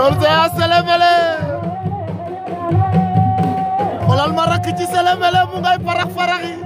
Ndiol Séras Sélébélé xoolal ma rakk ci Sélébélé mu ngay parax faraxi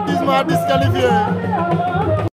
est 10 disqualifié.